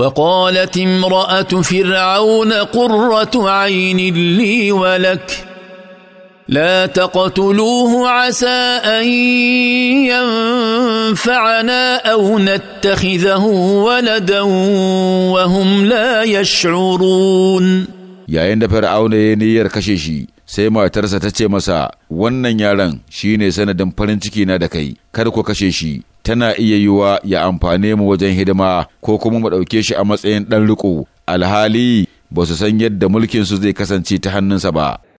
وقالت امراه فرعون قره عين لي ولك لا تقتلوه عسى ان ينفعنا او نتخذه ولدا وهم لا يشعرون يا عند فرعون ينير كشيشي سيما ترسى تتشي مسا ونن يارن شيني سندن فرنتكي نادكي كاركو كشيشي tana iya yiwa ya amfane mu wajen hidima ko kuma mu ɗauke shi a matsayin ɗan riƙo alhali ba su san yadda mulkinsu zai kasance ta hannunsa ba.